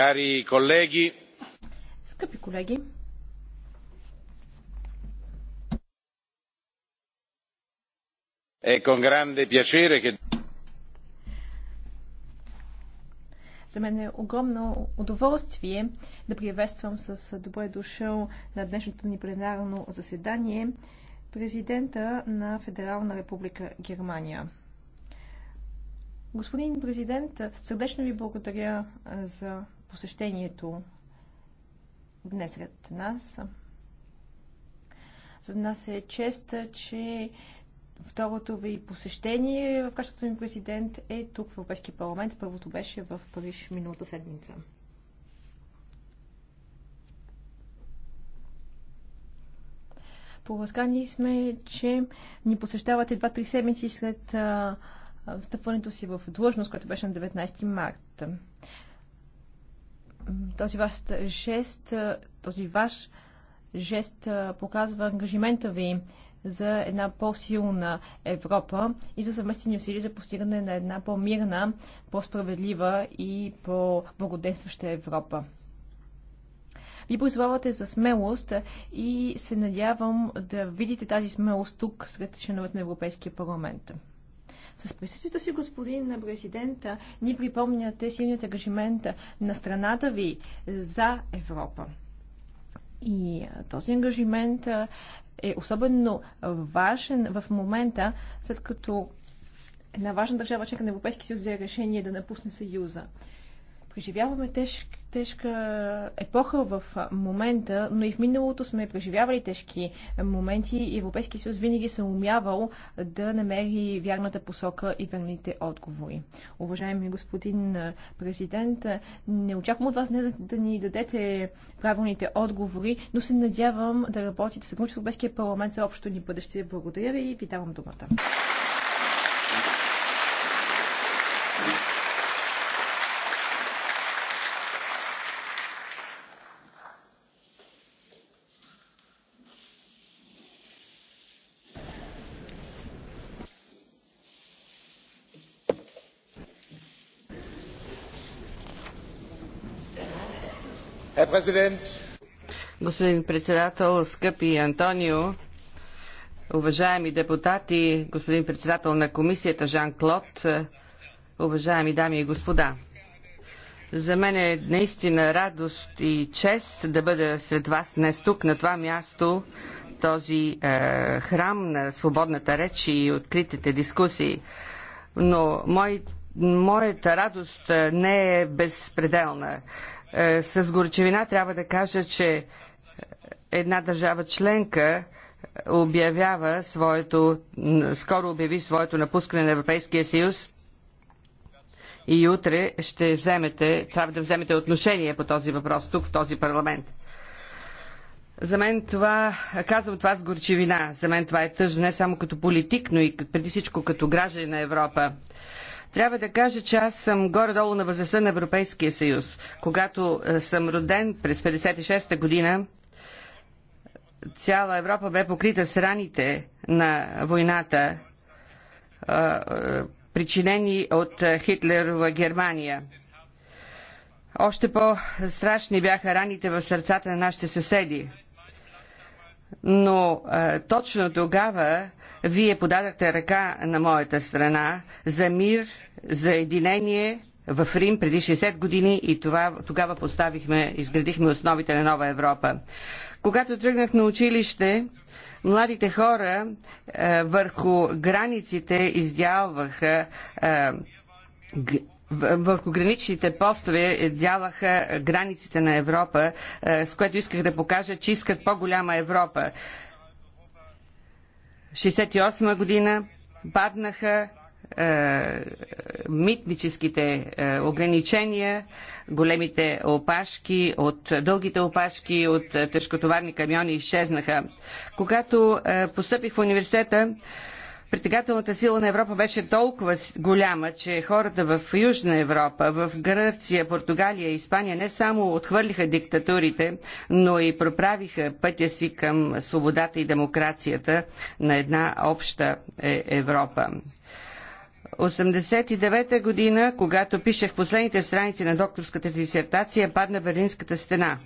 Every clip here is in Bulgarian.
Cari colleghi, Скъпи колеги! È con grande piacere che... За мен е огромно удоволствие да приветствам с добре дошъл на днешното ни пленарно заседание президента на Федерална република Германия. Господин президент, сърдечно ви благодаря за посещението днес сред нас. За нас е чест, че второто ви посещение в качеството ми президент е тук в Европейския парламент. Първото беше в Париж миналата седмица. Поласкани сме, че ни посещавате 2-3 седмици след а, встъпването си в длъжност, което беше на 19 марта този ваш жест, този ваш жест показва ангажимента ви за една по-силна Европа и за съвместни усилия за постигане на една по-мирна, по-справедлива и по-благоденстваща Европа. Ви призовавате за смелост и се надявам да видите тази смелост тук сред членовете на Европейския парламент. С присъствието си, господин президента, ни припомняте силният ангажимент на страната ви за Европа. И този ангажимент е особено важен в момента, след като една важна държава, чека на Европейския съюз, взе решение да напусне Съюза. Преживяваме тежки тежка епоха в момента, но и в миналото сме преживявали тежки моменти и Европейски съюз винаги се умявал да намери вярната посока и верните отговори. Уважаеми господин президент, не очаквам от вас не за да ни дадете правилните отговори, но се надявам да работите с Европейския парламент за общото ни бъдеще. Благодаря ви и ви давам думата. Господин председател, скъпи Антонио, уважаеми депутати, господин председател на комисията Жан-Клод, уважаеми дами и господа. За мен е наистина радост и чест да бъда сред вас днес тук, на това място, този е, храм на свободната реч и откритите дискусии. Но мой, моята радост не е безпределна. Е, с горчевина трябва да кажа, че една държава членка обявява своето, скоро обяви своето напускане на Европейския съюз и утре ще вземете, трябва да вземете отношение по този въпрос тук, в този парламент. За мен това, казвам това с горчевина. за мен това е тъжно не само като политик, но и преди всичко като гражданин на Европа. Трябва да кажа, че аз съм горе-долу на възрастта на Европейския съюз. Когато е, съм роден през 56-та година, цяла Европа бе покрита с раните на войната, е, е, причинени от Хитлерова Германия. Още по-страшни бяха раните в сърцата на нашите съседи. Но точно тогава вие подадахте ръка на моята страна за мир, за единение в Рим преди 60 години и това, тогава поставихме, изградихме основите на нова Европа. Когато тръгнах на училище, младите хора е, върху границите издялваха е, върху граничните постове дялаха границите на Европа, е, с което исках да покажа, че искат по-голяма Европа. 68 година паднаха е, митническите е, ограничения, големите опашки, от дългите опашки от е, тежкотоварни камиони изчезнаха. Когато постъпих в университета, притегателната сила на Европа беше толкова голяма, че хората в Южна Европа, в Гърция, Португалия и Испания не само отхвърлиха диктатурите, но и проправиха пътя си към свободата и демокрацията на една обща е, Европа. 89-та година, когато пишех последните страници на докторската дисертация, падна Берлинската стена.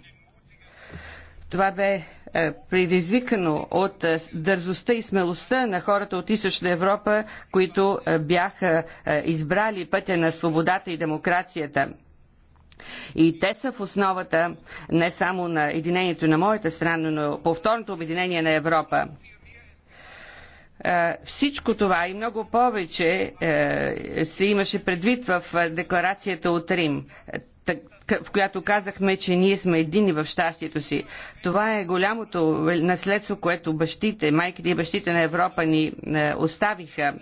Това бе е, предизвикано от е, дързостта и смелостта на хората от Източна Европа, които е, бяха избрали пътя на свободата и демокрацията. И те са в основата не само на единението на моята страна, но на повторното обединение на Европа. Всичко това и много повече се имаше предвид в декларацията от Рим в която казахме, че ние сме едини в щастието си. Това е голямото наследство, което бащите, майките и бащите на Европа ни е, оставиха,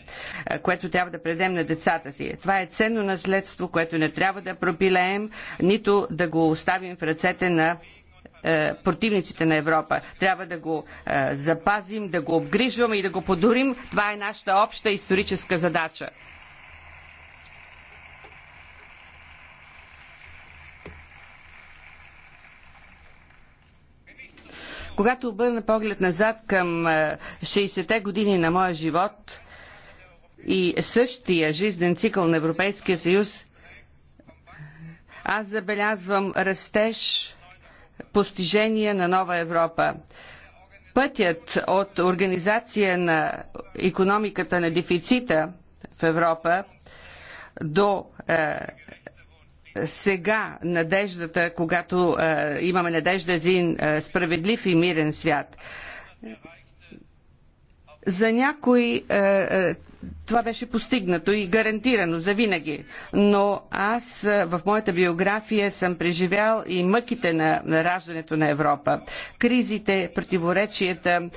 е, което трябва да предем на децата си. Това е ценно наследство, което не трябва да пропилеем, нито да го оставим в ръцете на е, противниците на Европа. Трябва да го запазим, да го обгрижваме и да го подорим. Това е нашата обща историческа задача. Когато обърна поглед назад към 60-те години на моя живот и същия жизнен цикъл на Европейския съюз, аз забелязвам растеж, постижения на нова Европа. Пътят от организация на економиката на дефицита в Европа до сега надеждата, когато а, е, имаме надежда за един е, справедлив и мирен свят. За някои е, това беше постигнато и гарантирано за винаги. Но аз в моята биография съм преживял и мъките на, на раждането на Европа. Кризите, противоречията,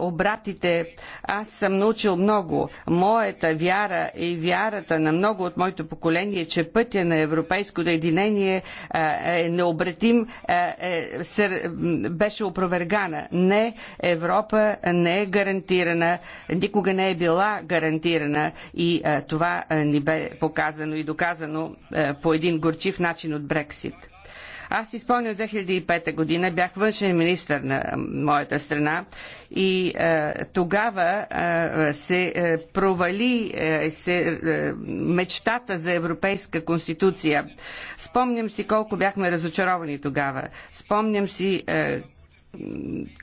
обратите. Аз съм научил много. Моята вяра и вярата на много от моето поколение, че пътя на европейското единение е необратим, е, беше опровергана. Не, Европа не е гарантирана, никога не е била гарантирана гарантирана и е, това е, ни бе показано и доказано е, по един горчив начин от Брексит. Аз си спомням 2005 година, бях външен министр на моята страна и е, тогава е, се е, провали е, се, е, мечтата за Европейска конституция. Спомням си колко бяхме разочаровани тогава. Спомням си е,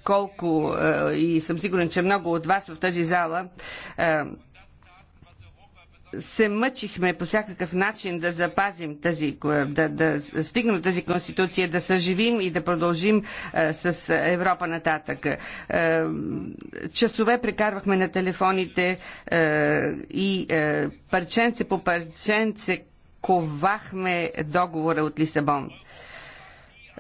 колко е, и съм сигурен, че много от вас в тази зала е, се мъчихме по всякакъв начин да запазим тази, да, да стигнем до тази конституция, да съживим и да продължим а, е, с Европа нататък. А, е, часове прекарвахме на телефоните а, е, и а, парченце по парченце ковахме договора от Лисабон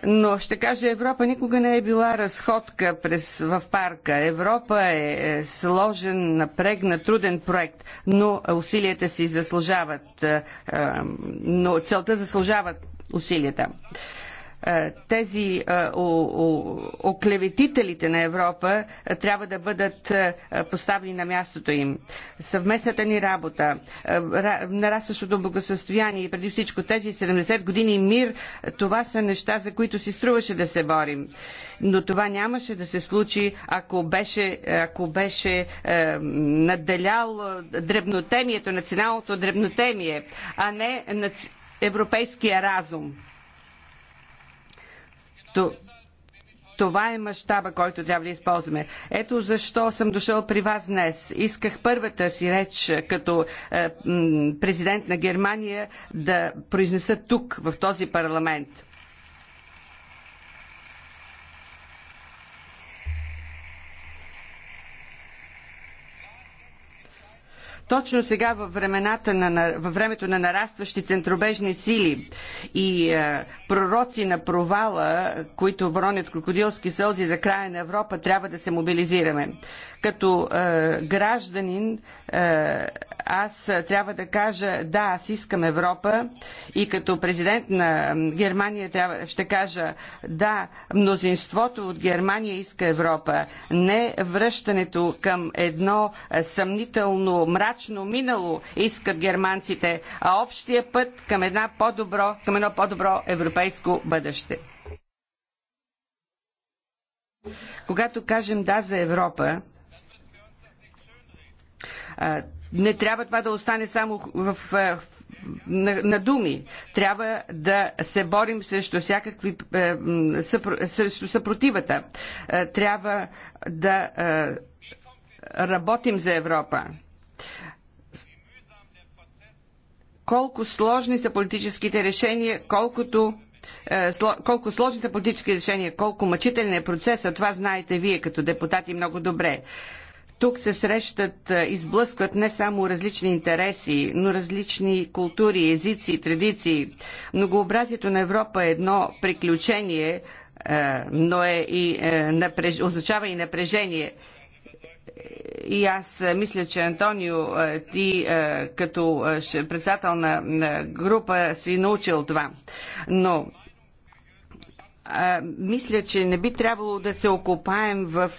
но ще кажа, Европа никога не е била разходка през, в парка. Европа е, е сложен, напрегнат, труден проект, но усилията си заслужават, е, е, но целта заслужават усилията. Е, тези е, оклеветителите на Европа е, трябва да бъдат поставени на мястото им. Съвместната ни работа, нарастващото благосъстояние и преди всичко тези 70 години мир, това са неща, за които си струваше да се борим. Но това нямаше да се случи, ако беше, ако беше надделял дребнотемието, националното дребнотемие, а не европейския разум. Това е мащаба, който трябва да използваме. Ето защо съм дошъл при вас днес. Исках първата си реч като е, президент на Германия да произнеса тук, в този парламент. точно сега във, времената на, във времето на нарастващи центробежни сили и е, пророци на провала, които воронят крокодилски сълзи за края на Европа, трябва да се мобилизираме. Като е, гражданин, е, аз трябва да кажа, да, аз искам Европа и като президент на Германия трябва, ще кажа, да, мнозинството от Германия иска Европа. Не връщането към едно е, съмнително мрачно мрачно минало искат германците, а общия път към, една по-добро, към едно по-добро европейско бъдеще. Когато кажем да за Европа, не трябва това да остане само в, на, на думи. Трябва да се борим срещу всякакви е, съпро, срещу съпротивата. Е, трябва да е, работим за Европа колко сложни са политическите решения, колкото е, колко сложни са политически решения, колко мъчителен е процесът, това знаете вие като депутати много добре. Тук се срещат е, и не само различни интереси, но различни култури, езици традиции. Многообразието на Европа е едно приключение, е, но е и напреж... означава и напрежение и аз е, мисля, че Антонио, е, ти е, като председател на група си научил това. Но мисля, че не би трябвало да се окопаем в,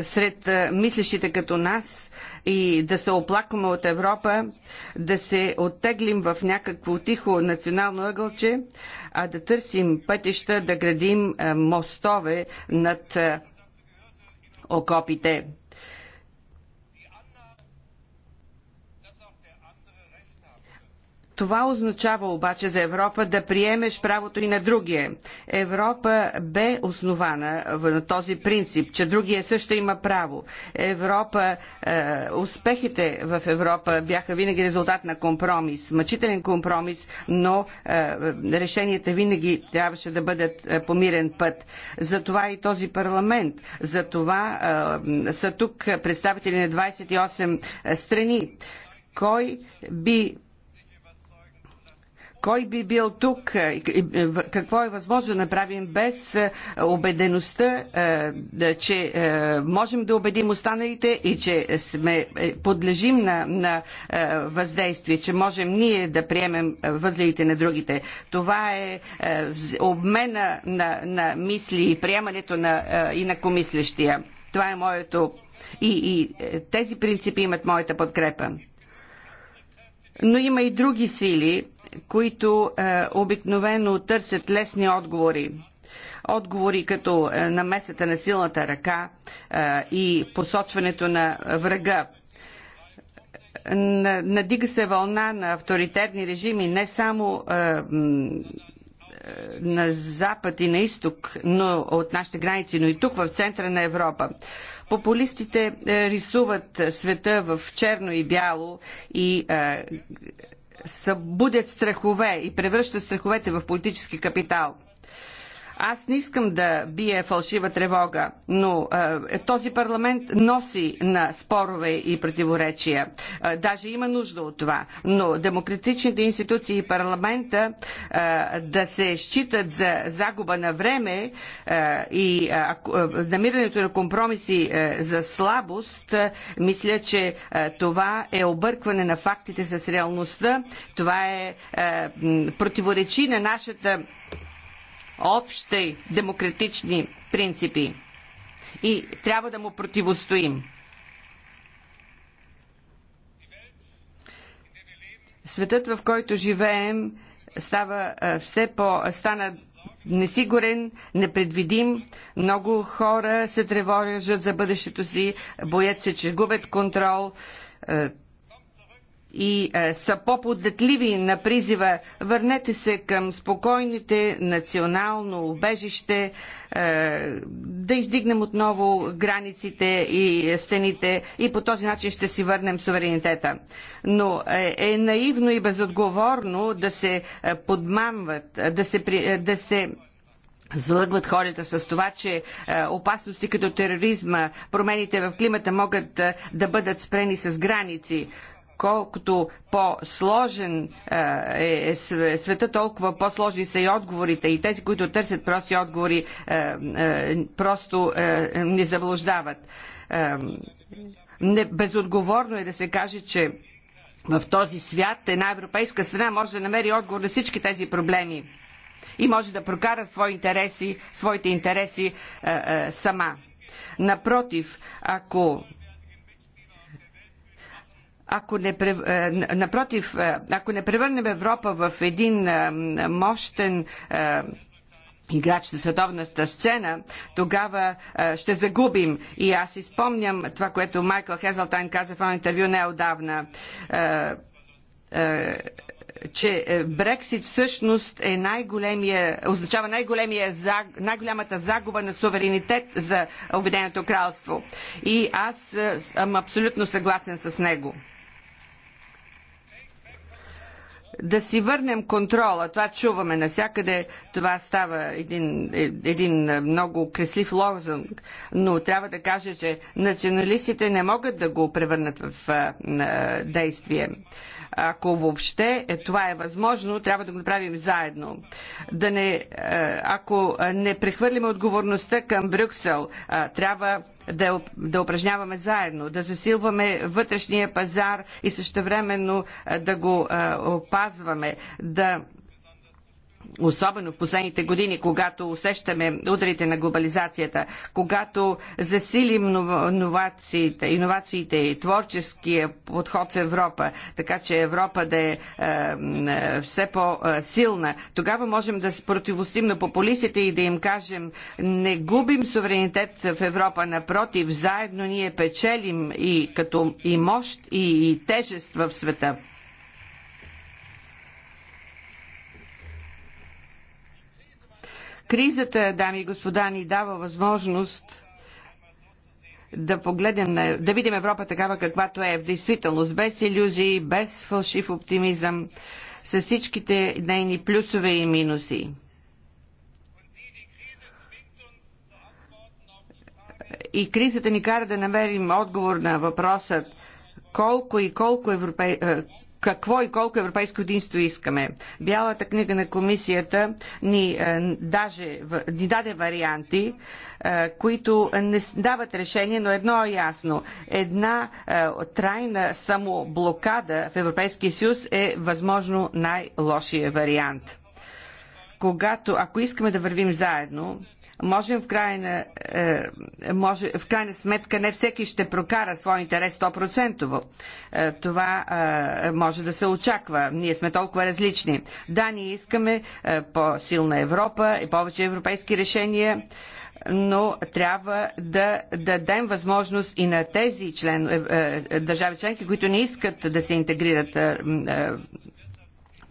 сред мислещите като нас и да се оплакваме от Европа, да се оттеглим в някакво тихо национално ъгълче, а да търсим пътища, да градим мостове над окопите. Това означава обаче за Европа да приемеш правото и на другия. Европа бе основана на този принцип, че другия също има право. Европа, е, успехите в Европа бяха винаги резултат на компромис, мъчителен компромис, но е, решенията винаги трябваше да бъдат е, по мирен път. Затова и този парламент, затова е, са тук представители на 28 е, страни. Кой би кой би бил тук, е, е, какво е възможно да направим без е, убедеността, че можем да убедим останалите и че сме подлежим на, на въздействие, че можем ние да приемем възлите на другите. Това е обмена на, на мисли и приемането на, и на комислещия. Това е моето. И, и тези принципи имат моята подкрепа. Но има и други сили, които е, обикновено търсят лесни отговори. Отговори като е, намесата на силната ръка е, и посочването на врага. Надига се вълна на авторитарни режими не само е, е, на запад и на изток, но от нашите граници, но и тук в центъра на Европа. Популистите е, рисуват света в черно и бяло и е, събудят страхове и превръщат страховете в политически капитал. Аз не искам да бие фалшива тревога, но е, този парламент носи на спорове и противоречия. Е, даже има нужда от това. Но демократичните институции и парламента е, да се считат за загуба на време е, и е, е, намирането на компромиси за слабост, мисля, че това е объркване на фактите с реалността. Това е противоречи на нашата общи демократични принципи и трябва да му противостоим. Светът, в който живеем, става все по, стана несигурен, непредвидим. Много хора се тревожат за бъдещето си, боят се, че губят контрол и е, са по-податливи на призива върнете се към спокойните национално убежище, е, да издигнем отново границите и стените и по този начин ще си върнем суверенитета. Но е, е наивно и безотговорно да се е, подмамват, да се, да се Злъгват хората с това, че опасности като тероризма, промените в климата могат да бъдат спрени с граници колкото по-сложен е, е, е света, толкова по-сложни са и отговорите. И тези, които търсят прости отговори, просто не заблуждават. Безотговорно е да се каже, че в този свят една европейска страна може да намери отговор на всички тези проблеми и може да прокара свои интереси, своите интереси сама. Напротив, ако ако не, е, напротив, е, ако не превърнем Европа в един е, мощен играч на световната сцена, тогава а, ще загубим. И аз изпомням това, което Майкъл Хезелтайн каза в едно интервю неодавна. А, а, че Брексит всъщност е най-големия, означава най-големия, най-голямата загуба на суверенитет за Обединеното кралство. И аз съм абсолютно съгласен с него. да си върнем контрола. Това чуваме навсякъде. Това става един, е, един много креслив лозунг. Но трябва да кажа, че националистите не могат да го превърнат в действие. Ако въобще е, това е възможно, трябва да го направим заедно. Да не, е, ако не прехвърлим отговорността към Брюксел, трябва да, да упражняваме заедно, да засилваме вътрешния пазар и същевременно да го опазваме, да особено в последните години, когато усещаме ударите на глобализацията, когато засилим иновациите, иновациите и творческия подход в Европа, така че Европа да е, е все по-силна, тогава можем да противостим на популистите и да им кажем не губим суверенитет в Европа, напротив, заедно ние печелим и като и мощ, и, и тежест в света. Кризата, дами и господа, ни дава възможност да погледнем, да видим Европа такава каквато е в действителност, без иллюзии, без фалшив оптимизъм, с всичките нейни плюсове и минуси. И кризата ни кара да намерим отговор на въпросът колко и колко, европе какво и колко европейско единство искаме. Бялата книга на комисията ни, е, даже, ни даде варианти, е, които не дават решение, но едно е ясно. Една е, трайна самоблокада в Европейския съюз е възможно най-лошия вариант. Когато, ако искаме да вървим заедно, Можем в крайна, е, може, в крайна сметка не всеки ще прокара своя интерес 100%. Е, това е, може да се очаква. Ние сме толкова различни. Да, ние искаме по-силна Европа и повече европейски решения но трябва да, да дадем възможност и на тези член, е, е, държави членки, които не искат да се интегрират е,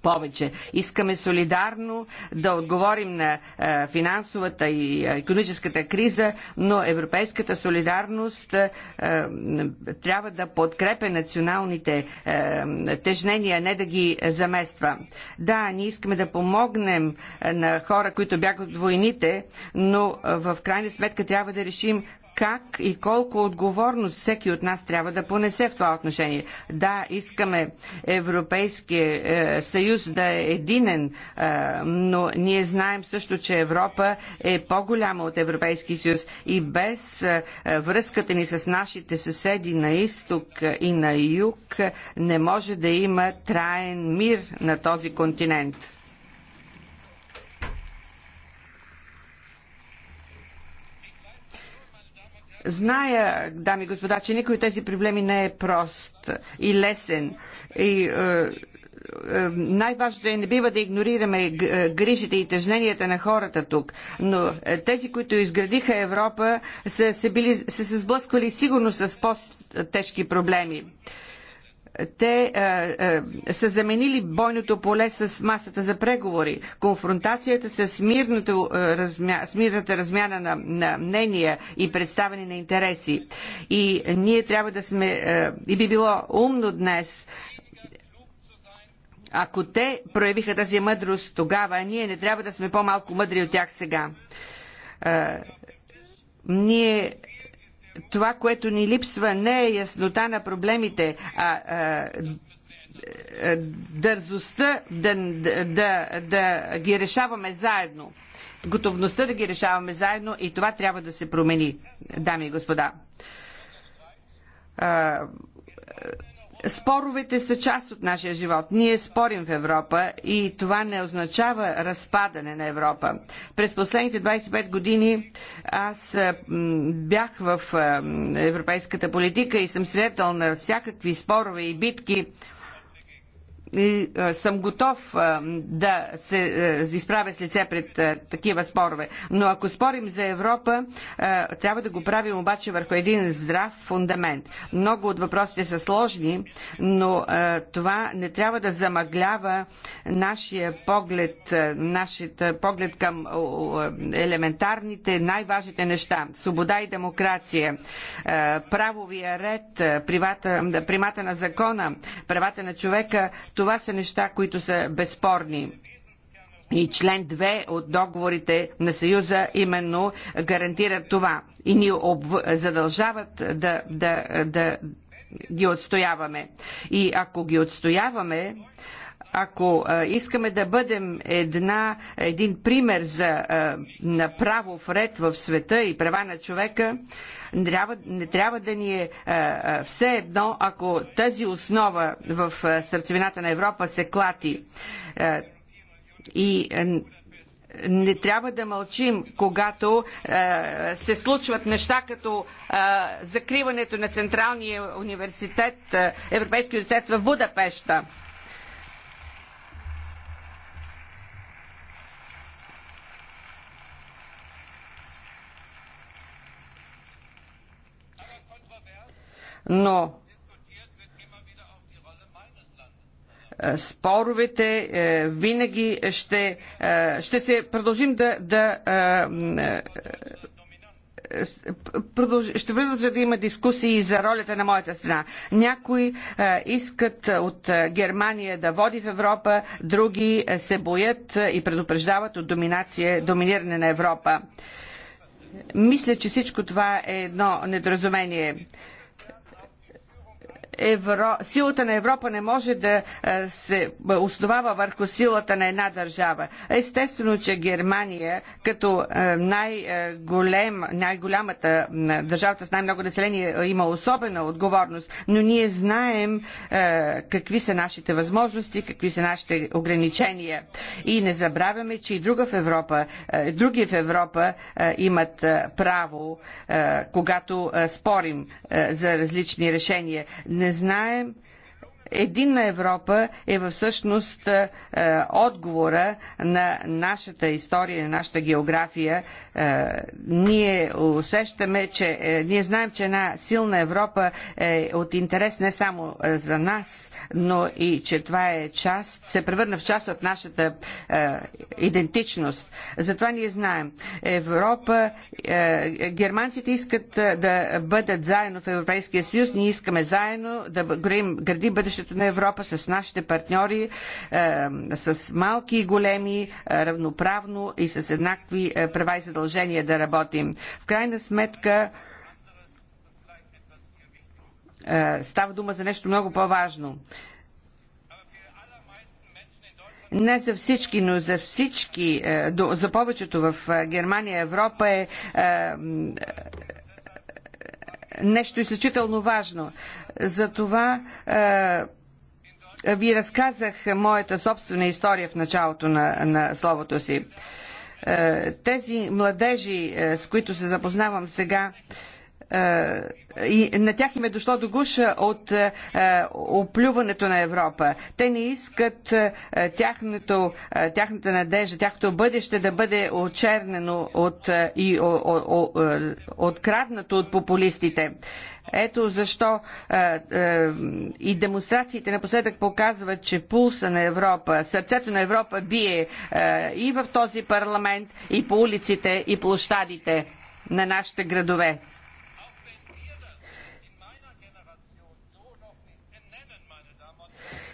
повече. Искаме солидарно да отговорим на е, финансовата и е, економическата криза, но европейската солидарност е, трябва да подкрепя националните тежнения, не да ги замества. Да, ние искаме да помогнем на хора, които бягат от войните, но в крайна сметка трябва да решим как и колко отговорност всеки от нас трябва да понесе в това отношение. Да, искаме Европейския е, съюз да е единен, е, но ние знаем също, че Европа е по-голяма от Европейския съюз и без е, връзката ни с нашите съседи на изток и на юг не може да има траен мир на този континент. Зная, дами и господа, че никой от тези проблеми не е прост и лесен. И, е, е най-важното е не бива да игнорираме е, грижите и тежненията на хората тук, но е, тези, които изградиха Европа, са се, били, са се сблъсквали сигурно с по-тежки проблеми те а, е, а, е, са заменили бойното поле с масата за преговори. Конфронтацията с мирното, е, размя, с мирната размяна на, на мнения и представени на интереси. И ние трябва да сме, А, и би било умно днес ако те проявиха тази мъдрост тогава, ние не трябва да сме по-малко мъдри от тях сега. А, ние това, което ни липсва, не е яснота на проблемите, а, а дързостта да, да, да ги решаваме заедно. Готовността да ги решаваме заедно и това трябва да се промени, дами и господа. А, Споровете са част от нашия живот. Ние спорим в Европа и това не означава разпадане на Европа. През последните 25 години аз бях в европейската политика и съм свидетел на всякакви спорове и битки и съм готов да се изправя с лице пред такива спорове. Но ако спорим за Европа, трябва да го правим обаче върху един здрав фундамент. Много от въпросите са сложни, но това не трябва да замъглява нашия поглед, нашия поглед към елементарните, най-важните неща. Свобода и демокрация, правовия ред, примата на закона, правата на човека, това са неща, които са безспорни и член 2 от договорите на Съюза именно гарантират това и ни обв... задължават да, да, да ги отстояваме. И ако ги отстояваме, ако искаме да бъдем една, един пример за на правов ред в света и права на човека, не трябва, не трябва да ни е все едно, ако тази основа в сърцевината на Европа се клати. И не трябва да мълчим, когато а, се случват неща като а, закриването на Централния университет, Европейския Европейски университет в Будапешта. но е, споровете е, винаги ще, е, ще се продължим да, да ще продължа да има дискусии за ролята на моята страна. Някои искат от Германия да води в Европа, други се боят и предупреждават от доминация, доминиране на Европа. Мисля, че всичко това е едно недоразумение. Евро... силата на Европа не може да е, се е, основава върху силата на една държава. Естествено, че Германия, като е, най-голем, най-голямата държавата с най-много население, има особена отговорност, но ние знаем какви са нашите възможности, какви са нашите ограничения. И не забравяме, че и друга в Европа, други в Европа имат право, когато спорим за различни решения. Не не знаем Единна Европа е във всъщност е, отговора на нашата история, на нашата география. Е, ние усещаме, че е, ние знаем, че една силна Европа е от интерес не само е, за нас, но и че това е част, се превърна в част от нашата е, идентичност. Затова ние знаем. Европа, е, германците искат е, да бъдат заедно в Европейския съюз, ние искаме заедно да градим, градим бъдещето на Европа с нашите партньори, е, с малки и големи, е, равноправно и с еднакви е, права и задължения да работим. В крайна сметка, е, става дума за нещо много по-важно. Не за всички, но за всички, е, за повечето в е, Германия, Европа е нещо изключително важно. Затова ви разказах моята собствена история в началото на, на словото си. Тези младежи, с които се запознавам сега, и на тях им е дошло до гуша от е, оплюването на Европа. Те не искат е, тяхното, е, тяхната надежда, тяхното бъдеще да бъде очернено от, и откраднато от популистите. Ето защо е, е, и демонстрациите напоследък показват, че пулса на Европа, сърцето на Европа бие е, и в този парламент, и по улиците, и площадите на нашите градове.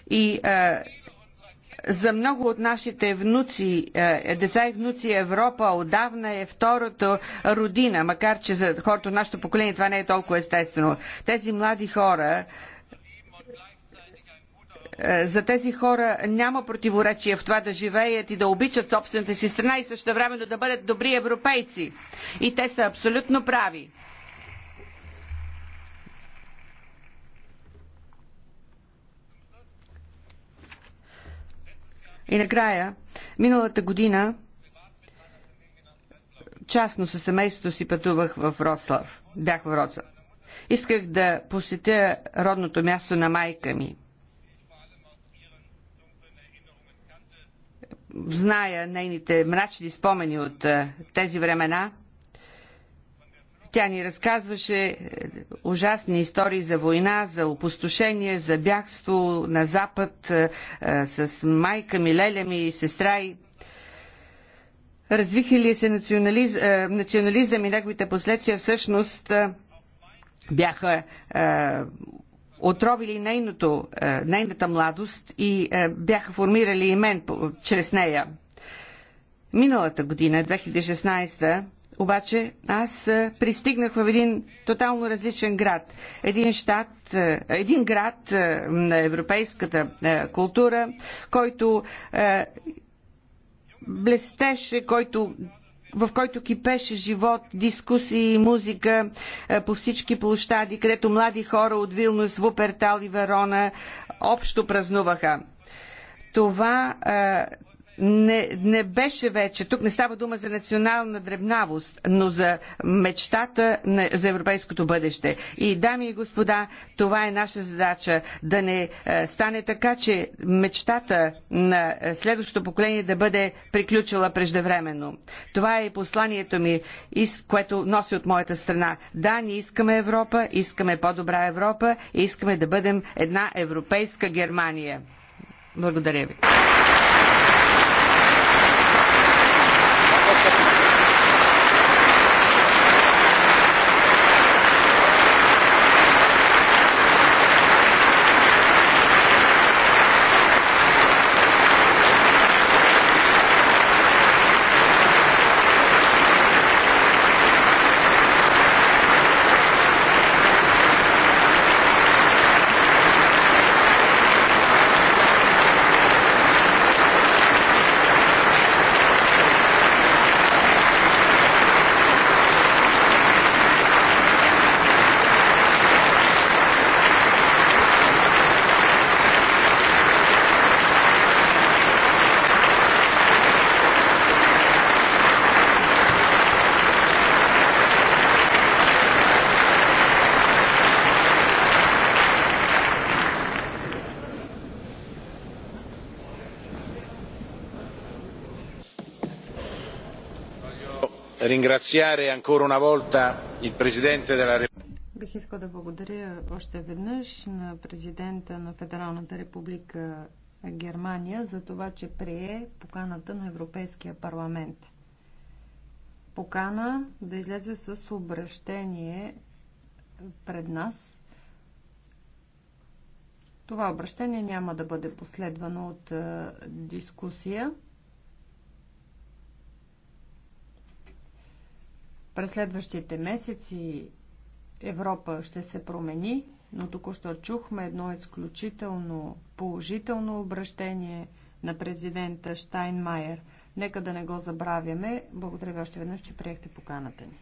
и е, за много от нашите внуци, е, деца и внуци Европа отдавна е втората родина, макар че за хората от нашето поколение това не е толкова естествено. Тези млади хора е, за тези хора няма противоречие в това да живеят и да обичат собствената си страна и също времено да бъдат добри европейци. И те са абсолютно прави. И накрая, миналата година, частно със семейството си пътувах в Рослав. Бях в Рослав. Исках да посетя родното място на майка ми. Зная нейните мрачни спомени от е, тези времена – тя ни разказваше е, ужасни истории за война, за опустошение, за бягство на Запад е, е, с майка ми, леля ми и сестра и развиха ли се национализ... национализъм и неговите последствия всъщност бяха отровили нейното, нейната младост и бяха формирали и мен чрез нея. Миналата година, 2016, обаче аз пристигнах в един тотално различен град. Един щат, един град на европейската култура, който блестеше, който в който кипеше живот, дискусии, музика по всички площади, където млади хора от Вилнус, Вупертал и Верона общо празнуваха. Това не, не беше вече, тук не става дума за национална дребнавост, но за мечтата на, за европейското бъдеще. И, дами и господа, това е наша задача да не е, стане така, че мечтата на е, следващото поколение да бъде приключила преждевременно. Това е и посланието ми, което носи от моята страна. Да, ние искаме Европа, искаме по-добра Европа и искаме да бъдем една европейска Германия. Благодаря ви. ringraziare ancora una volta il Presidente della Repubblica. Бих искал да благодаря още веднъж на президента на Федералната република Германия за това, че прие поканата на Европейския парламент. Покана да излезе с обращение пред нас. Това обращение няма да бъде последвано от е, дискусия. През следващите месеци Европа ще се промени, но току-що чухме едно изключително положително обращение на президента Штайнмайер. Нека да не го забравяме. Благодаря ви още веднъж, че приехте поканата ни.